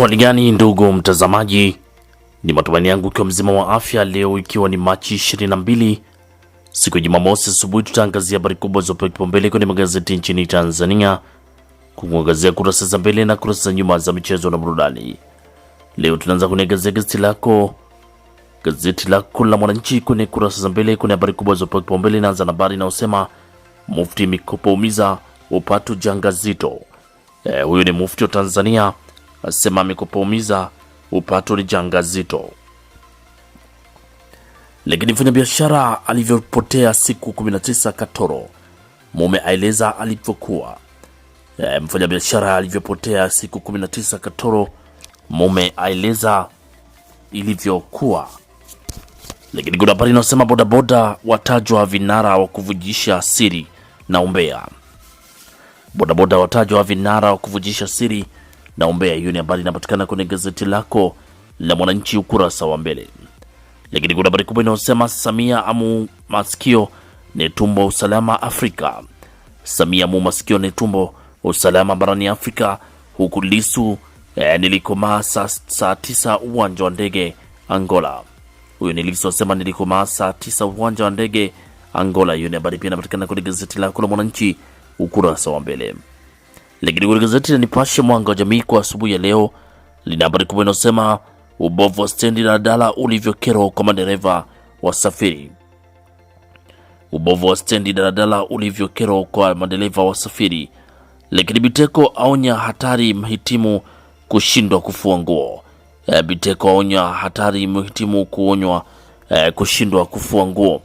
Hali gani ndugu mtazamaji, ni matumaini yangu ikiwa mzima wa afya. Leo ikiwa ni Machi 22 siku ya Jumamosi asubuhi, tutaangazia habari kubwa zilizopewa kipaumbele kwenye magazeti nchini Tanzania, kuangazia kurasa za mbele na kurasa za nyuma za michezo na burudani. Leo tunaanza kwenye gazeti lako gazeti lako la Mwananchi kwenye kurasa za mbele, kuna habari kubwa zilizopewa kipaumbele. Naanza na habari inayosema Mufti mikopo umiza upatu janga zito. Eh, huyu ni mufti wa Tanzania asema amekopaumiza upato ni janga zito. Lakini mfanyabiashara alivyopotea siku 19 Katoro, mume aeleza alivyokuwa. E, mfanyabiashara alivyopotea siku 19 Katoro, mume aeleza ilivyokuwa. Lakini kuna habari inayosema bodaboda watajwa vinara wa kuvujisha siri na umbea. Bodaboda watajwa vinara wa kuvujisha siri na umbea. Hiyo ni habari inapatikana kwenye gazeti lako la Mwananchi ukurasa wa mbele, lakini kuna habari kubwa inayosema Samia amu masikio ni tumbo usalama Afrika. Samia amu masikio ni tumbo usalama barani Afrika, huku Lisu eh, nilikomaa saa sa tisa uwanja wa ndege Angola. Huyo ni Lisu asema nilikomaa saa tisa uwanja wa ndege Angola. Hiyo ni habari pia inapatikana kwenye gazeti lako la Mwananchi ukurasa wa mbele. Lakini kwa gazeti la Nipashe mwanga wa jamii kwa asubuhi ya leo lina habari kubwa inayosema ubovu wa stendi na dala ulivyokero kwa madereva wasafiri. Ubovu wa stendi daladala ulivyokero kwa madereva wasafiri. Lakini Biteko aonya hatari mhitimu kushindwa kufua nguo. E, Biteko aonya hatari mhitimu kuonywa e, kushindwa kufua nguo.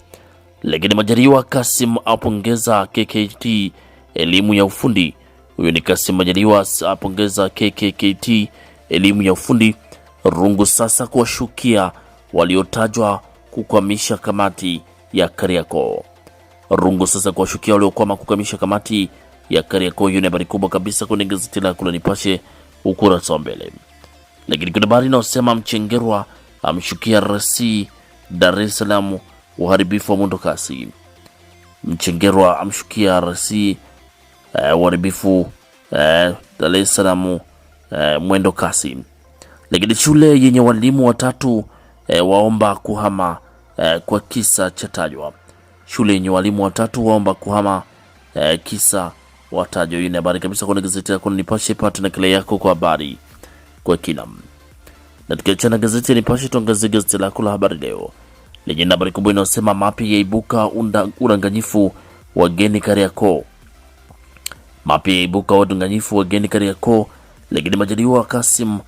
Lakini Majaliwa Kasim apongeza KKT elimu ya ufundi huyo ni Kassim Majaliwa apongeza KKKT elimu ya ufundi. Rungu sasa kuwashukia waliotajwa kukwamisha kamati ya Kariakoo. Rungu sasa kuwashukia waliokwama kukwamisha kamati ya Kariakoo. Hiyo ni habari kubwa kabisa kwenye gazeti lako la Nipashe ukurasa wa mbele, lakini kuna habari inayosema Mchengerwa amshukia RC Dar es Salaam uharibifu wa mwendo kasi. Mchengerwa amshukia RC Eh, uharibifu uh, Dar es Salaam uh, mwendo kasi. Lakini shule yenye walimu watatu uh, waomba kuhama uh, kwa kisa cha tajwa. Shule yenye walimu watatu waomba kuhama uh, kisa watajwa. Hii ni habari kabisa kwenye gazeti lako Nipashe, pata nakala yako kwa habari kwa kina. Na tukiachana gazeti ya Nipashe, tuangazie gazeti lako la Habari Leo lenye habari kubwa inayosema mapi yaibuka udanganyifu wageni Kariakoo. Mapya yaibuka wadanganyifu wageni Kariakoo, lakini Majaliwa Kasim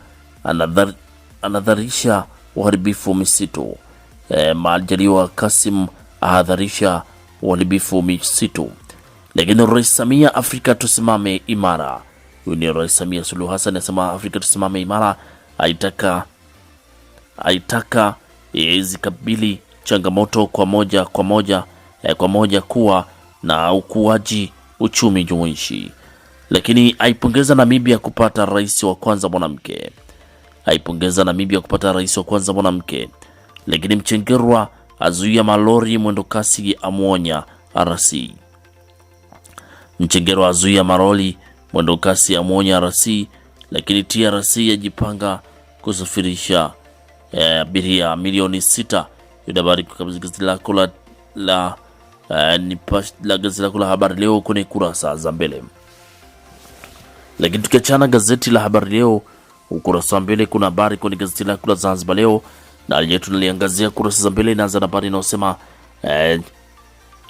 anadharisha uharibifu misitu. E, eh, Majaliwa Kasim ahadharisha uharibifu misitu. Lakini Rais Samia, Afrika tusimame imara. Huyu ni Rais Samia Suluhu Hassan anasema Afrika tusimame imara, aitaka aitaka kabili changamoto kwa moja kwa moja, eh, kwa moja kuwa na ukuaji uchumi jumuishi, lakini aipongeza Namibia kupata rais wa kwanza mwanamke. Aipongeza Namibia kupata rais wa kwanza mwanamke, lakini Mchengerwa azuia malori mwendokasi, amwonya RC. Mchengerwa azuia malori mwendokasi, amwonya RC, lakini TRC yajipanga kusafirisha eh, abiria eh, milioni sita. Habari kwa gazeti lako la Eh, ni la gazeti lako la habari leo kwenye kurasa za mbele. Lakini tukiachana gazeti la habari leo ukurasa wa mbele, kuna habari kwenye gazeti lako la Zanzibar leo na leo tunaliangazia kurasa za mbele. Inaanza na habari inayosema eh,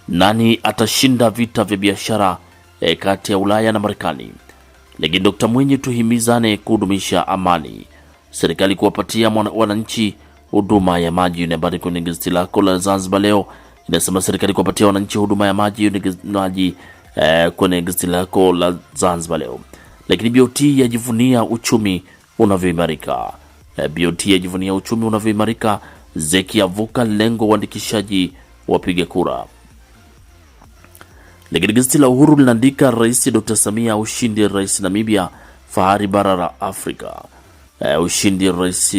nani atashinda vita vya biashara eh, kati ya Ulaya na Marekani. Lakini Dkt Mwinyi, tuhimizane kudumisha amani, serikali kuwapatia wananchi huduma ya maji. Ni habari kwenye gazeti lako la Zanzibar leo inasema serikali kuwapatia wananchi huduma ya maji maji eh, kwenye gazeti lako la Zanzibar leo. Lakini BOT yajivunia uchumi unavyoimarika eh, BOT yajivunia uchumi unavyoimarika. Zeki yavuka lengo uandikishaji wapiga kura. Lakini gazeti la Uhuru linaandika Rais Dr Samia ushindi Rais Namibia fahari bara la Afrika. Eh, ushindi Rais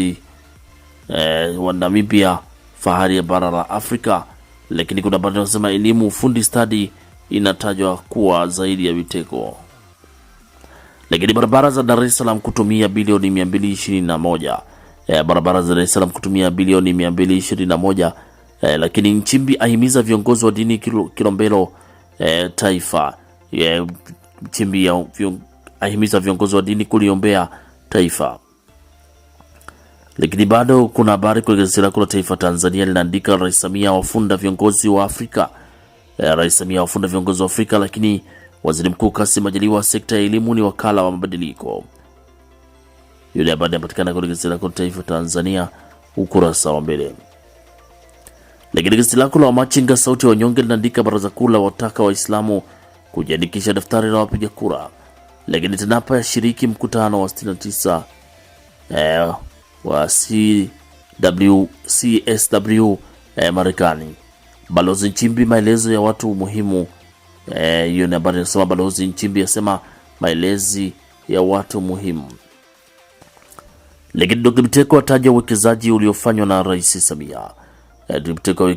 eh, wa Namibia fahari ya bara la Afrika lakini kuna baadhi wanasema elimu ufundi stadi inatajwa kuwa zaidi ya viteko. Lakini barabara za Dar es Salaam kutumia bilioni 221 e, barabara za Dar es Salaam kutumia bilioni 221 e, lakini Nchimbi ahimiza viongozi wa dini Kilombero e, taifa e, Nchimbi ahimiza viongozi wa dini kuliombea taifa. Lakini bado kuna habari kwenye gazeti lako la Taifa Tanzania linaandika Rais Samia wafunda viongozi wa Afrika. E, Rais Samia wafunda viongozi wa Afrika, lakini Waziri Mkuu Kassim Majaliwa, sekta ya elimu ni wakala wa mabadiliko. Yule habari inapatikana kwenye gazeti lako la Taifa Tanzania ukurasa wa mbele. Lakini gazeti lako la Wamachinga sauti ya wa wanyonge linaandika baraza kuu la wataka Waislamu kujiandikisha daftari la wapiga kura. Lakini TANAPA yashiriki mkutano wa 69 eh, wa CSW eh, Marekani. Balozi Nchimbi, maelezo ya watu muhimu. Eh, hiyo eh, ni habari inasema, Balozi Nchimbi asema maelezi ya watu muhimu. Lakini Dr. Biteko ataja uwekezaji uliofanywa na Rais Samia. Eh, Dr. Biteko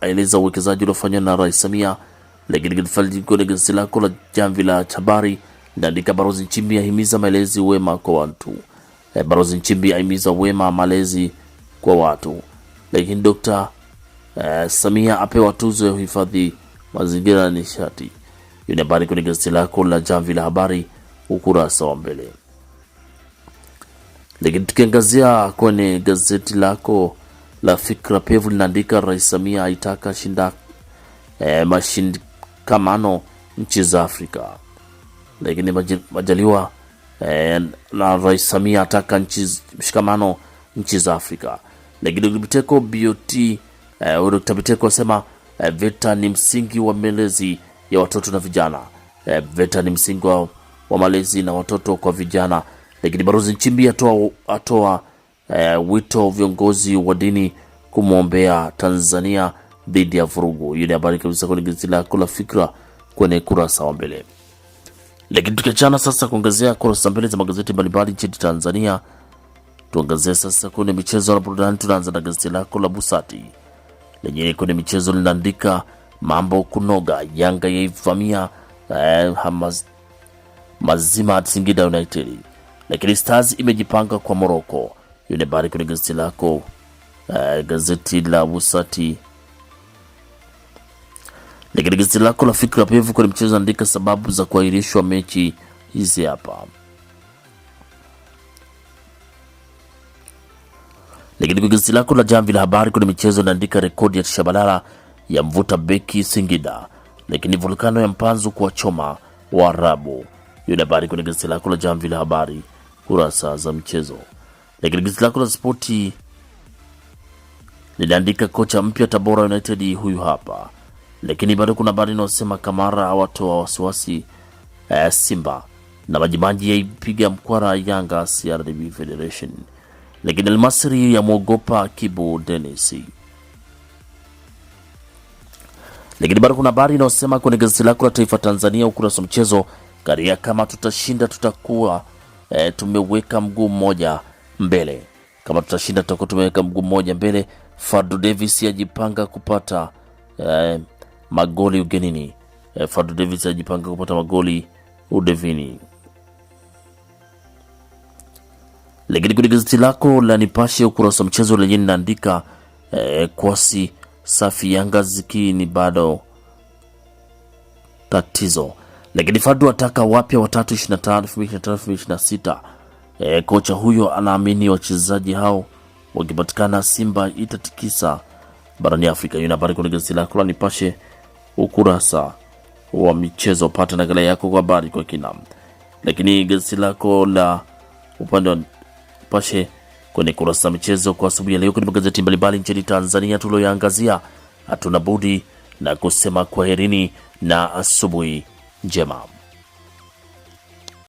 aeleza uwekezaji uliofanywa na Rais Samia. Lakini gazeti lako la Jamvi la Habari linaandika Balozi Nchimbi ahimiza maelezi wema kwa watu E, Balozi Nchimbi aimiza wema malezi kwa watu. Lakini Dr. e, eh, Samia apewa tuzo ya uhifadhi mazingira na nishati. Hiyo ni habari kwenye gazeti lako la Jamvi la Habari ukurasa wa mbele. Lakini tukiangazia kwenye gazeti lako la Fikra Pevu linaandika Rais Samia aitaka shinda e, mashindikamano nchi za Afrika. Lakini Majaliwa e, na Rais Samia ataka nchi mshikamano nchi za Afrika. Giteko Biteko BOT Uhuru eh, Biteko asema e, vita ni msingi wa malezi ya watoto na vijana. E, vita ni msingi wa, wa malezi na watoto kwa vijana. Lakini Barozi Nchimbi atoa, atoa e, wito viongozi wa dini kumwombea Tanzania dhidi ya vurugu. Hiyo ni habari kabisa kwenye gazeti lako la Fikra kwenye kurasa wa mbele. Lakini tukiachana sasa kuangazia kurasa mbele za magazeti mbalimbali nchini Tanzania, tuangazie sasa kwenye michezo na burudani. Tunaanza na gazeti lako la Busati lenye kwenye michezo linaandika mambo kunoga, Yanga yaivamia eh, mazima Singida United, lakini Stars imejipanga kwa Moroko. Hiyo ni habari kwenye gazeti lako eh, gazeti la Busati lakini gazeti lako la Fikra Pevu kwenye mchezo andika sababu za kuahirishwa mechi hizi hapa. Lakini kwa gazeti lako la Jamvi la Habari kwenye michezo naandika rekodi ya Shabalala ya mvuta beki Singida, lakini volkano ya Mpanzu kuwachoma Waarabu. Hiyo ni habari kwenye gazeti lako la Jamvi la Habari kurasa za mchezo. Lakini gazeti lako la Spoti linaandika kocha mpya Tabora United, huyu hapa lakini bado kuna habari inayosema Kamara awatoa wasiwasi eh, Simba na Majimaji yaipiga mkwara Yanga CRDB Federation, lakini Almasri yamwogopa Kibu Dennis. Lakini bado kuna habari inayosema kwenye gazeti lako la Taifa Tanzania ukurasa wa mchezo karia, kama tutashinda tutakuwa eh, tumeweka mguu mmoja mbele. Kama tutashinda tutakuwa tumeweka mguu mmoja mbele. Fadlu Davis yajipanga kupata eh, magoli ugenini. E, eh, Fadu Davis ajipanga kupata magoli udevini. Lakini kwenye gazeti lako la Nipashe ukurasa wa mchezo lenye linaandika e, kwasi safi Yanga ziki ni bado tatizo. Lakini Fadu ataka wapya watatu 25 2026. E, kocha huyo anaamini wachezaji hao wakipatikana Simba itatikisa barani Afrika. Hiyo ni habari kwenye gazeti lako la Nipashe ukurasa wa michezo, pata nakala yako kwa habari kwa kina. Lakini gazeti lako la upande wa Pashe kwenye kurasa za michezo kwa asubuhi ya leo kwenye magazeti mbalimbali nchini Tanzania tulioyaangazia, hatuna budi na kusema kwaherini na asubuhi njema.